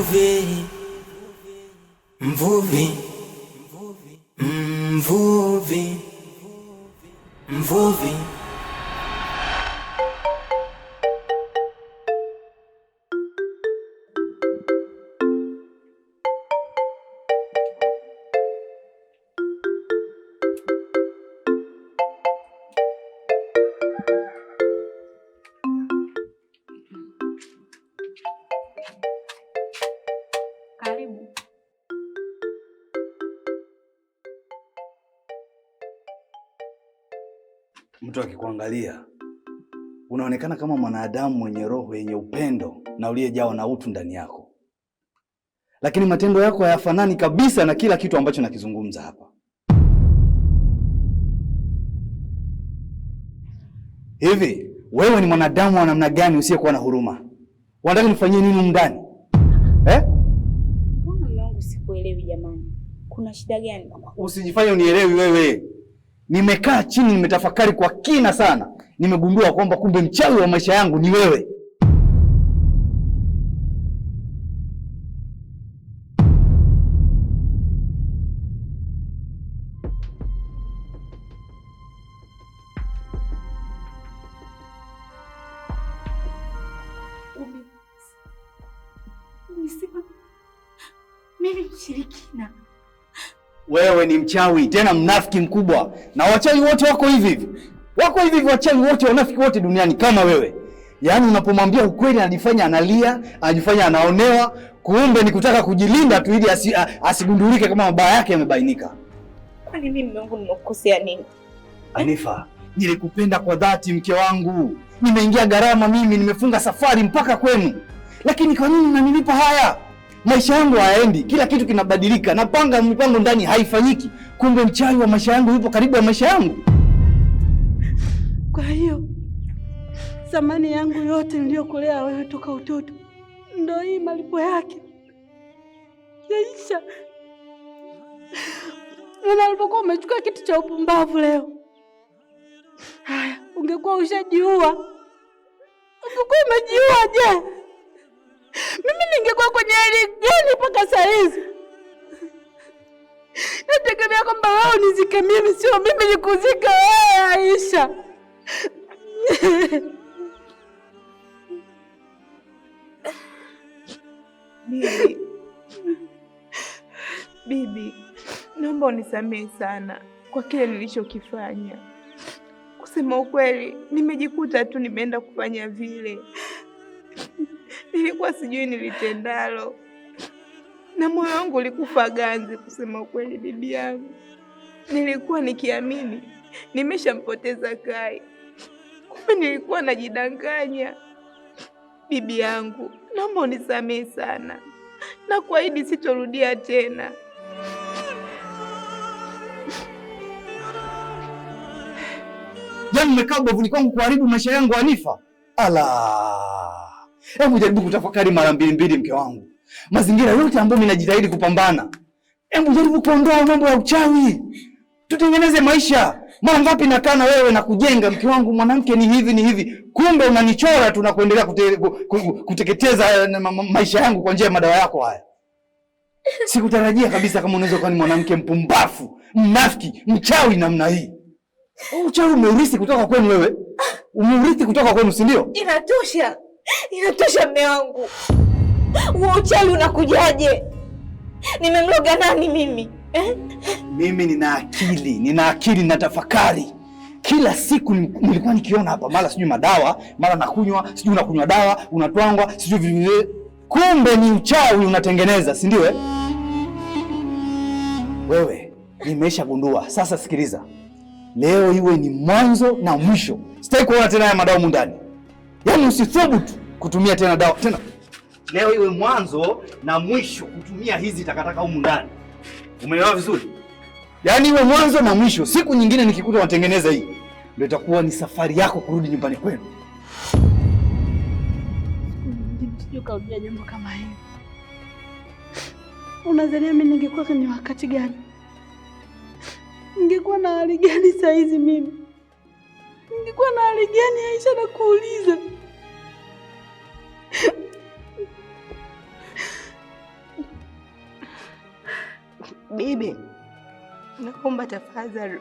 mvuvi, mvuvi, mvuvi, mvuvi. kuangalia, unaonekana kama mwanadamu mwenye roho yenye upendo na uliyejawa na utu ndani yako, lakini matendo yako hayafanani kabisa na kila kitu ambacho nakizungumza hapa. Hivi wewe ni mwanadamu wa namna gani usiyekuwa na huruma? Wanataka nifanyie nini ndani eh? Mbona mwanangu, sikuelewi jamani, kuna shida gani? Usijifanye unielewi wewe nimekaa chini, nimetafakari kwa kina sana, nimegundua kwamba kumbe mchawi wa maisha yangu ni wewe. Mimi mshirikina wewe ni mchawi, tena mnafiki mkubwa. Na wachawi wote wako hivi hivi, wako hivi hivi, wachawi wote, wanafiki wote duniani kama wewe. Yaani unapomwambia ukweli anajifanya analia, anajifanya anaonewa, kumbe ni kutaka kujilinda tu ili asi, asigundulike kama mabaya yake yamebainika. Kwani mimi wangu nimekukosea nini? Anifa, nilikupenda kwa dhati mke wangu. Nimeingia gharama mimi, nimefunga safari mpaka kwenu. Lakini kwa nini mnanilipa haya? maisha yangu hayaendi, kila kitu kinabadilika, napanga mipango ndani haifanyiki, kumbe mchawi wa maisha yangu yupo karibu ya maisha yangu. Kwa hiyo thamani yangu yote niliyokulea wewe toka utoto ndo hii malipo yake yaisha. Unalipokuwa yaani umechukua kitu cha upumbavu leo, haya, ungekuwa ushajiua, ungekuwa umejiua. Je, mimi ningekuwa kwenye hali gani mpaka saa hizi? Nategemea kwamba wao nizike mimi, sio mimi nikuzika wewe Aisha. Bibi, bibi, naomba unisamehe sana kwa kile nilichokifanya. Kusema ukweli, nimejikuta tu nimeenda kufanya vile nilikuwa sijui nilitendalo, na moyo wangu ulikufa ganzi. Kusema ukweli, bibi yangu, nilikuwa nikiamini nimeshampoteza Kai, kumbe nilikuwa najidanganya. Bibi yangu, naomba unisamehe sana na kuahidi sitorudia tena. Jana yaani mmekaa ubavuni kwangu kuharibu maisha yangu, Hanifa. Ala! Hebu jaribu kutafakari mara mbili mbili, mke wangu. Mazingira yote ambayo mimi najitahidi kupambana, hebu jaribu kuondoa mambo ya uchawi, tutengeneze maisha. Mara ngapi nakaa na wewe na kujenga, mke wangu, mwanamke ni hivi ni hivi, kumbe unanichora tu na kuendelea kute, kuteketeza eh, maisha yangu kwa njia ya madawa yako haya. Sikutarajia kabisa kama unaweza kuwa ni mwanamke mpumbafu, mnafiki, mchawi namna hii. Uchawi umeurithi kutoka kwenu wewe, umeurithi kutoka kwenu, si ndio? Inatosha. Inatosha mme wangu, huo uchawi unakujaje? Nimemloga nani mimi eh? Mimi nina akili, nina akili na tafakari. Kila siku nilikuwa nikiona hapa, mara sijui madawa, mara nakunywa, sijui unakunywa dawa, unatwangwa, sijui vile. Kumbe ni uchawi unatengeneza, si ndio? Eh? Wewe nimeshagundua sasa. Sikiliza, leo iwe ni mwanzo na mwisho, sitaki kuona tena haya madawa mundani. Yaani usithubutu kutumia tena dawa tena. Leo iwe mwanzo na mwisho kutumia hizi takataka humu ndani. Umeelewa vizuri? Yaani iwe mwanzo na mwisho. Siku nyingine nikikuta unatengeneza hii, ndio itakuwa ni safari yako kurudi nyumbani kwenu. Kaudia jambo kama hili, unazania mimi ningekuwa ni wakati gani? Ningekuwa na hali gani saa hizi mimi? ningekuwa na hali gani Aisha na kuuliza? Bibi, naomba tafadhali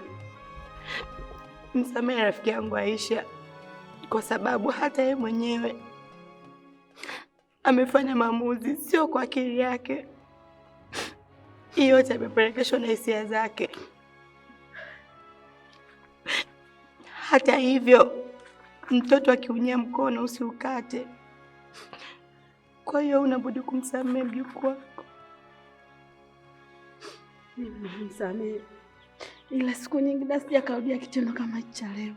msamehe rafiki yangu Aisha kwa sababu hata yeye mwenyewe amefanya maamuzi sio kwa akili yake. Yote amepelekeshwa na hisia zake. Hata hivyo, mtoto akiunyia mkono usiukate. Kwa hiyo unabudi kumsamehe mjukuu wako. Nimemsamehe, ila siku nyingine sijakarudia kitendo kama cha leo.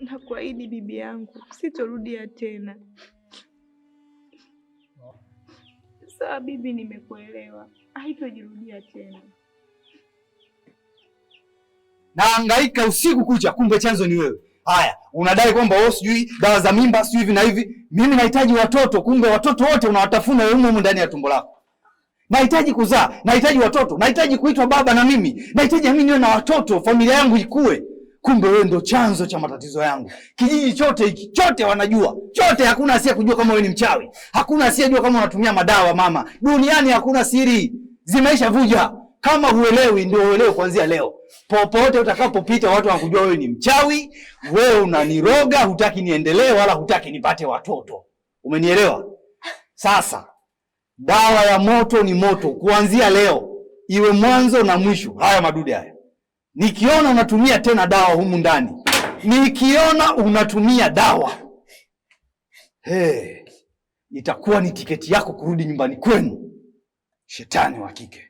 Nakuahidi bibi yangu, sitorudia tena. Sawa bibi, nimekuelewa, haitojirudia tena naangaika usiku kucha, kumbe chanzo ni wewe. Haya, unadai kwamba wewe sijui dawa za mimba sijui hivi na hivi. Mimi nahitaji watoto, kumbe watoto wote unawatafuna wewe humo ndani ya tumbo lako. Nahitaji kuzaa, nahitaji watoto, nahitaji kuitwa baba na mimi. Nahitaji mimi niwe na watoto, familia yangu ikue. Kumbe wewe ndo chanzo cha matatizo yangu. Kijiji chote hiki chote wanajua chote, hakuna asiye kujua kama wewe ni mchawi, hakuna asiye kujua kama unatumia madawa. Mama, duniani hakuna siri, zimeisha vuja. Kama huelewi ndio uelewe kuanzia leo. Popote utakapopita watu wanakujua wewe ni mchawi, wewe unaniroga, hutaki niendelee wala hutaki nipate watoto. Umenielewa? Sasa dawa ya moto ni moto kuanzia leo. Iwe mwanzo na mwisho. Haya madude haya. Nikiona unatumia tena dawa humu ndani. Nikiona unatumia dawa. Hey, itakuwa ni tiketi yako kurudi nyumbani kwenu. Shetani wa kike.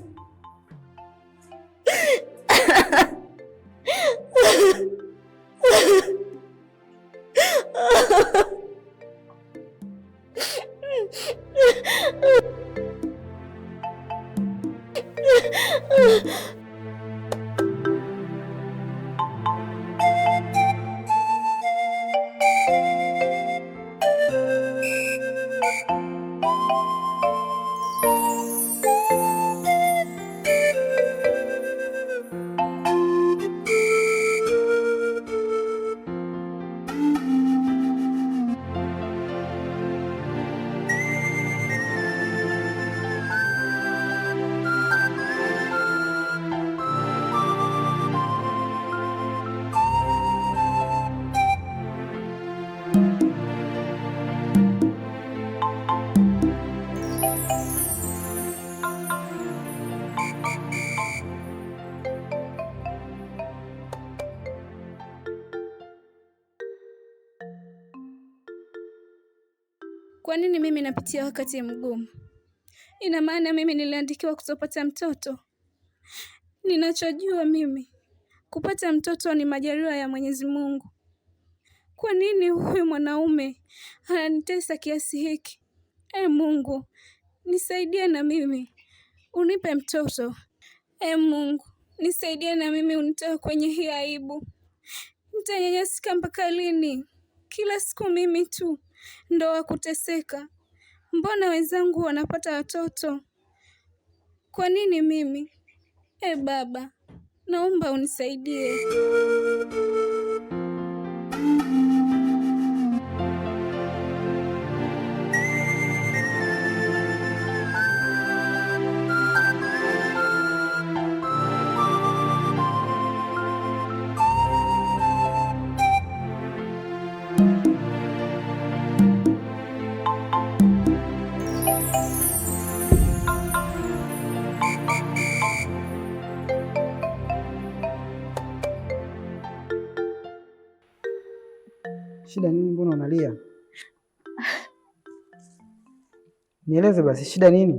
Kwa nini mimi napitia wakati mgumu? Ina maana mimi niliandikiwa kutopata mtoto? Ninachojua mimi, kupata mtoto ni majaliwa ya Mwenyezi Mungu. Kwa nini huyu mwanaume ananitesa kiasi hiki? E Mungu, nisaidie na mimi unipe mtoto. E Mungu, nisaidie na mimi unitoe kwenye hii aibu. Nitanyanyasika mpaka lini? Kila siku mimi tu ndo wa kuteseka. Mbona wenzangu wanapata watoto, kwa nini mimi? E Baba, naomba unisaidie. Nieleze basi shida nini?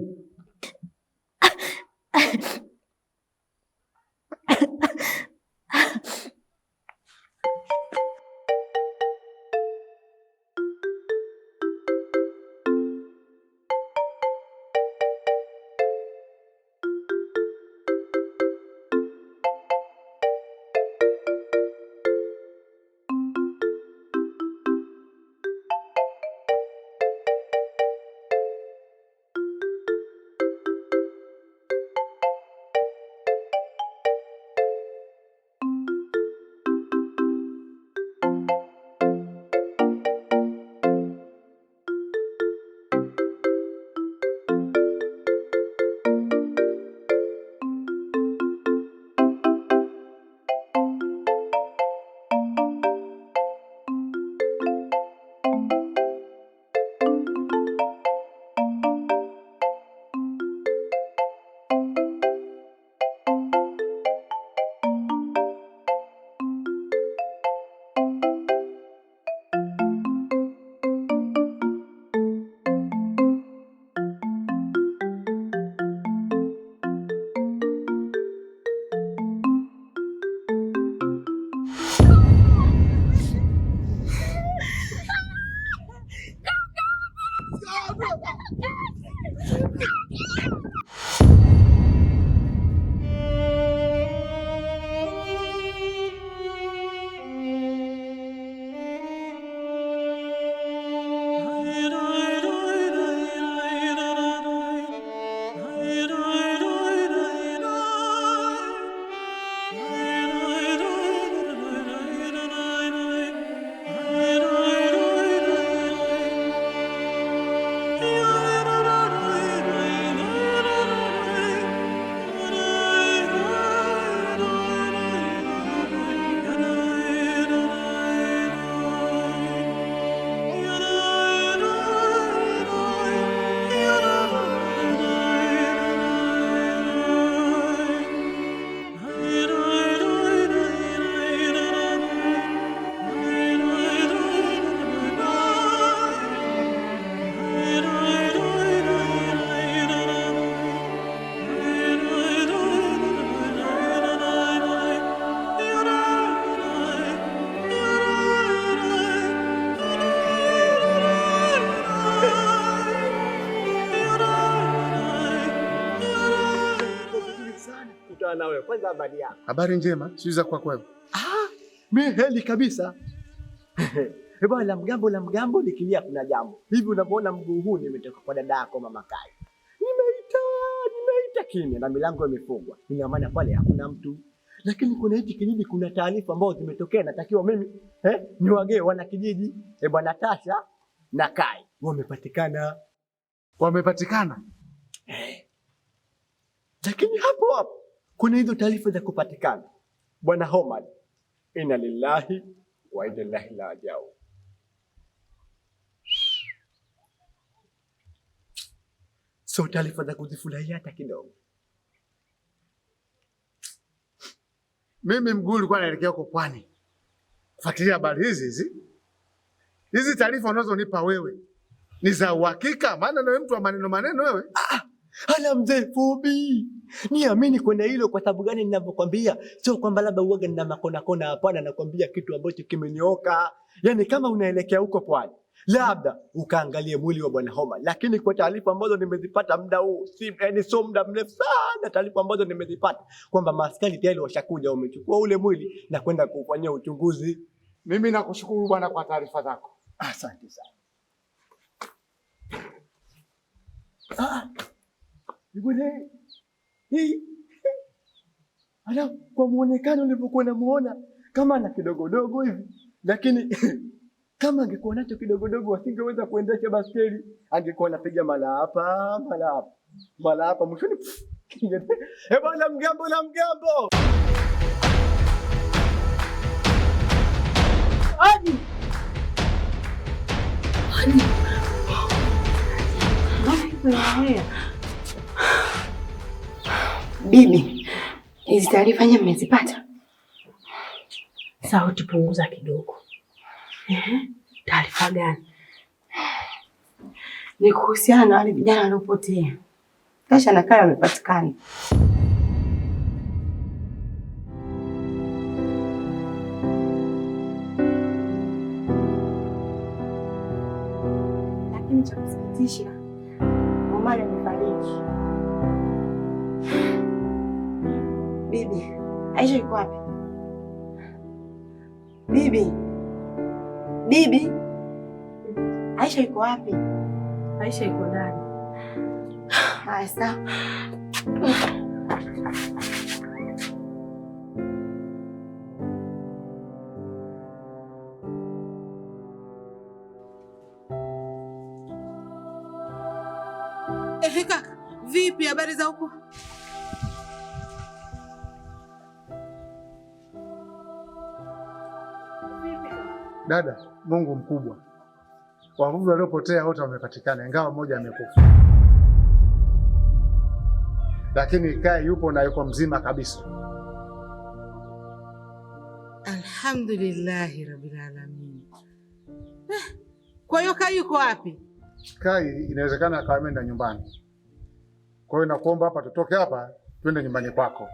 Habari njema, sijui za kwako wewe. Ah, mimi heli kabisa. Bwana la mgambo la mgambo likilia kuna jambo. Hivi unavyoona mguu huu nimetoka kwa dada yako mama Kai. Nimeita, nimeita kimya na milango imefungwa. Ina maana pale hakuna mtu. Lakini kuna hichi kijiji kuna taarifa ambazo zimetokea natakiwa mimi eh, niwagee wana kijiji. Eh, bwana Tasha na Kai wamepatikana. Wamepatikana? Eh. Lakini hapo hapo kuna hizo taarifa za kupatikana bwana Homad, inna lillahi wa inna ilaihi rajiun. So taarifa za kuzifurahia hata kidogo. Mimi mguu ulikuwa naelekea huko pwani kufuatilia habari hizi hizi. Hizi taarifa unazonipa wewe ni za uhakika? Maana nawe mtu wa maneno maneno wewe. Ah, ala ah. mzee Fubi Niamini kwenye hilo. Kwa sababu gani ninavyokwambia? Sio kwamba labda uoga nina makona kona, hapana. Nakwambia kitu ambacho kimenioka, yaani kama unaelekea huko pwani labda ukaangalie mwili wa bwana Homa, lakini kwa taarifa ambazo nimezipata muda huu si yani, sio muda mrefu sana, taarifa ambazo nimezipata kwamba maskari tayari washakuja wamechukua ule mwili na kwenda kufanyia uchunguzi. Mimi nakushukuru bwana kwa taarifa zako, asante sana. Ah, Ala, kwa muonekano ulivyokuwa namuona kama ana kidogodogo hivi, lakini kama angekuwa nacho kidogodogo asingeweza kuendesha baskeli, angekuwa anapiga mara hapa mara hapa mara hapa, mwishoni bwana mgambo na mgambo Ani. Bibi, hizi taarifa nye mmezipata? Sauti punguza kidogo. taarifa gani? Ni kuhusiana na wale vijana waliopotea. Tasha na wamepatikana. Lakini cha kusikitisha, Omari amefariki. Bibi, Aisha yuko wapi? Bibi, bibi, Aisha yuko wapi? Aisha yuko ndani. Haya, sawa. Eh, kaka, vipi habari za huko? Dada, Mungu mkubwa, wavuvi waliopotea wote wamepatikana, ingawa mmoja amekufa, lakini Kai yupo na yuko mzima kabisa. Alhamdulillahi rabbil alamin. Eh, kwa hiyo Kai yuko wapi? Kai inawezekana akawa ameenda nyumbani, kwa hiyo nakuomba hapa tutoke hapa twende nyumbani kwako.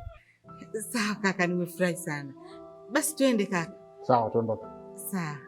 Sawa kaka, nimefurahi sana. Basi twende kaka. Sawa, tuondoke. Sawa.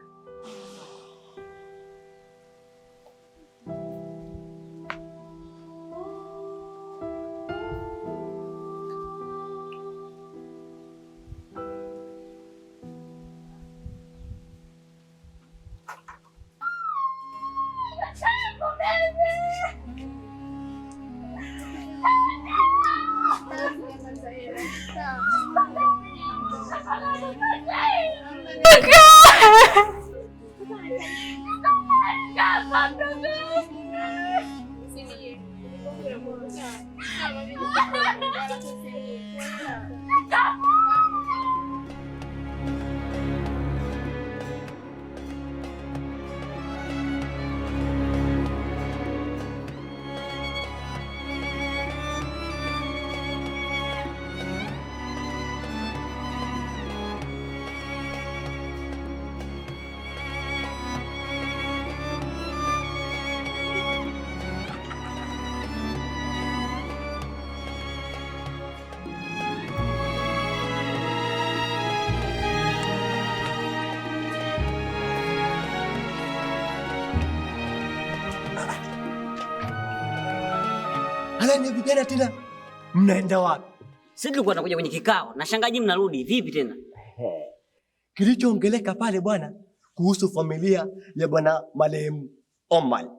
gani vijana tena mnaenda wapi? Sisi tulikuwa tunakuja kwenye kikao na shangaji, mnarudi vipi tena? Kilichoongeleka pale bwana kuhusu familia ya bwana marehemu Omar,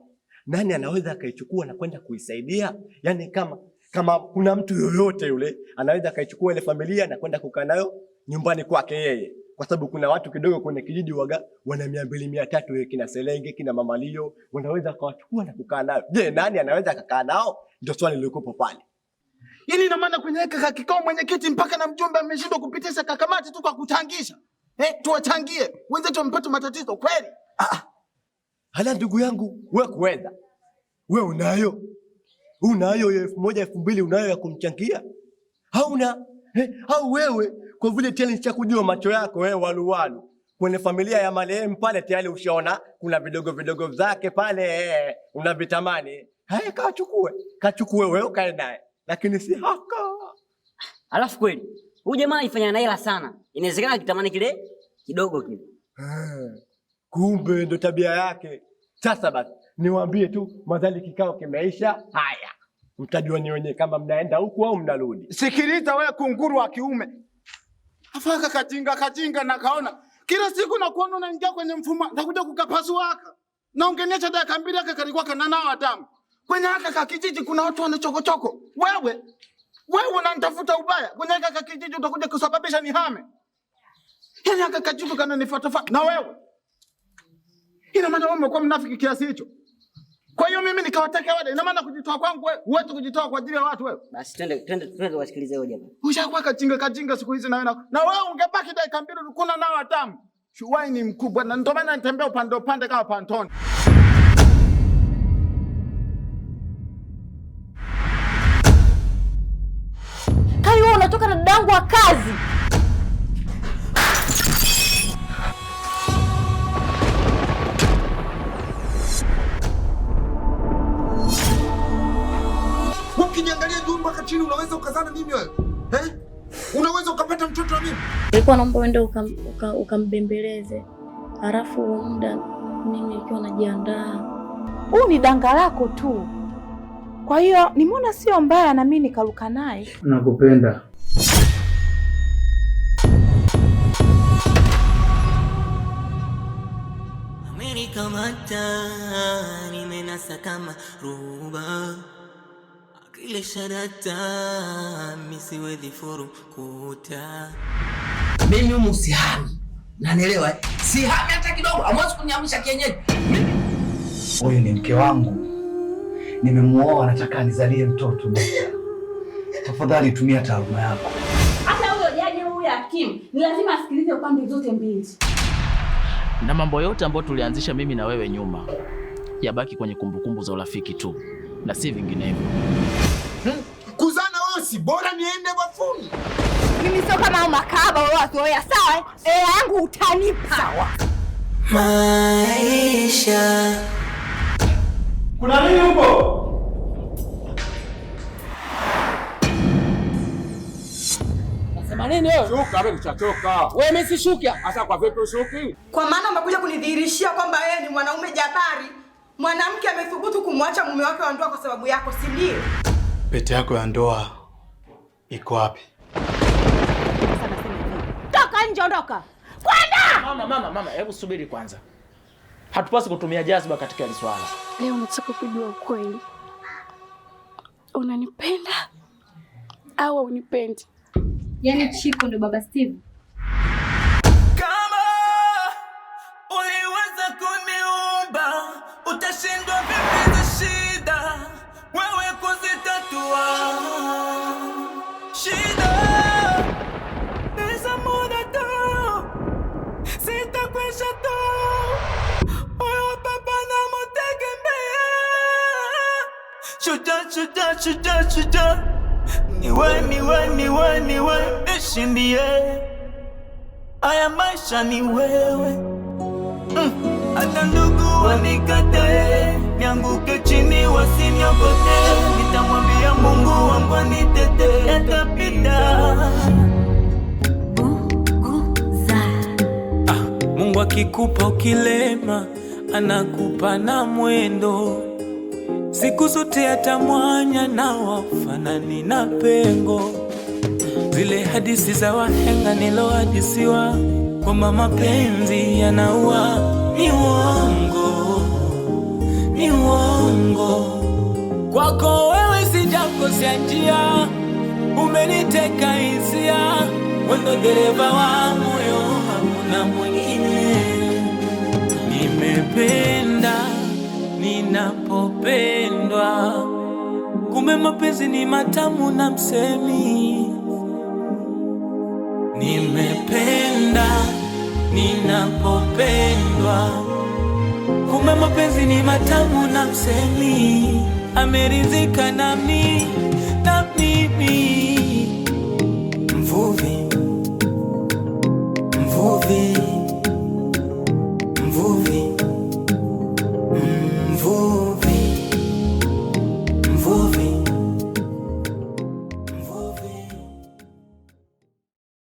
nani anaweza akaichukua na kwenda kuisaidia? Yaani kama kama kuna mtu yoyote yule anaweza akaichukua ile familia na kwenda kukaa nayo nyumbani kwake yeye, kwa sababu kuna watu kidogo kwenye kijiji waga wana mia mbili mia tatu kina Selenge kina Mamalio, wanaweza akawachukua na kukaa nayo. Je, nani anaweza akakaa nao ndio swali lilikuwepo pale. Yaani ina maana kwenye heka kikao mwenyekiti mpaka na mjumbe ameshindwa kupitisha kakamati tu kwa kutangisha. Eh, tuwachangie. Wenzetu wamepata matatizo kweli. Ah. ah. Hala ndugu yangu, wewe kuenda. Wewe unayo? Unayo ya elfu moja elfu mbili unayo ya kumchangia? Hauna? Eh, au wewe kwa vile challenge cha kujua macho yako wewe waluwalu. Kwenye familia ya marehemu pale tayari ushaona kuna vidogo vidogo zake pale eh, unavitamani. Haya, kachukue kachukue wewe ukae naye, lakini si haka. Alafu kweli huyu jamaa ifanya na hela sana, inawezekana akitamani kile kidogo kile. Eh, kumbe ndo tabia yake. Sasa basi niwaambie tu, madhali kikao kimeisha, haya mtajua ni wenyewe kama mnaenda huku au mnarudi. Sikiliza wewe, kunguru wa kiume afaka kajinga kajinga, na kaona kila siku nakuona unaingia kwenye mfumo, nakuja kukapasuaka na ungeniacha dakika mbili, aka kalikuwa kananao damu Kwenye haka ka kijiji kuna watu wana chokochoko. Wewe wewe unanitafuta ubaya. Kwenye haka ka kijiji utakuja kusababisha nihame. Yaani haka kajuku kana nifuatafuta na wewe. Ina maana wewe umekuwa mnafiki kiasi hicho. Kwa hiyo mimi nikawataka wale. Ina maana kujitoa kwangu wewe, wewe kujitoa kwa ajili ya watu wewe. Basi twende twende twende wasikilize wewe jamaa. Ushakuwa kachinga kachinga siku hizi na wewe. Na wewe ungebaki dakika mbili kuna nao hatamu. Shuwai ni mkubwa na ndio maana nitembea upande upande kama pantoni. Kali wewe unatoka na dadangu wa kazi. Ukiniangalia juu mpaka chini unaweza ukazana mimi wewe. Eh? Unaweza ukapata mtoto wa mimi? Nilikuwa naomba uende ukambembeleze uka, uka halafu muda mimi nikiwa najiandaa. Huu ni danga lako tu. Kwa hiyo nimeona sio mbaya na mimi nikaruka naye. Nakupenda. Kamata nimenasa kama ruba akile sharata misiwezi furu kuta mimi humu sihami, nanielewa, sihami hata kidogo. Amwezi kuniamsha kienyeji. Huyu ni mke wangu Nimemuoa, nataka nizalie mtoto. Tafadhali tumia taaluma yako. Hata huyo jaji huyo hakimu ni lazima asikilize upande zote mbili, na mambo yote ambayo tulianzisha mimi na wewe nyuma yabaki kwenye kumbukumbu za urafiki tu na si vinginevyo. Hmm, kuzana wewe si bora niende bafuni. Mimi sio kama au makaba wewe wazoea, sawa? Eh, eh, yangu utanipa. Sawa. Maisha kuna nini huko? Nasema nini wewe? Shuka wewe mchachoka. Wewe mimi si shuka. Sasa kwa vipi ushuki? Kwa maana umekuja kunidhihirishia kwamba wewe ni mwanaume jabari. Mwanamke amethubutu kumwacha mume wake wa ndoa kwa sababu yako, si ndio? Pete yako ya ndoa iko wapi? Toka nje, ondoka. Kwenda! Mama, mama, mama, hebu subiri kwanza. Hatupasi kutumia jazba katika hili swala. Leo nataka kujua ukweli, unanipenda au unipendi? Yaani Chiko ndo baba Steve? shida shida shida, niwe niwe niwe niwe nishindie aya maisha, ni wewe hata mm. ndugu wanikatae, nianguke chini wasiniokote, nitamwambia Mungu wangu anitete, yatapita ah, Mungu akikupa ukilema anakupa na mwendo Siku zote hata mwanya na wafanani na pengo, zile hadisi za wahenga nilohadisiwa kwamba mapenzi yanaua ni uongo, ni uongo. Kwako wewe sijakosea njia, umeniteka hisia, wendo dereva wa moyo hamuna mwingine. Nimependa ninapo kupendwa, kumbe mapenzi ni matamu na msemi. Nimependa ninapopendwa, kumbe mapenzi ni matamu na msemi. Ameridhika nami na mimi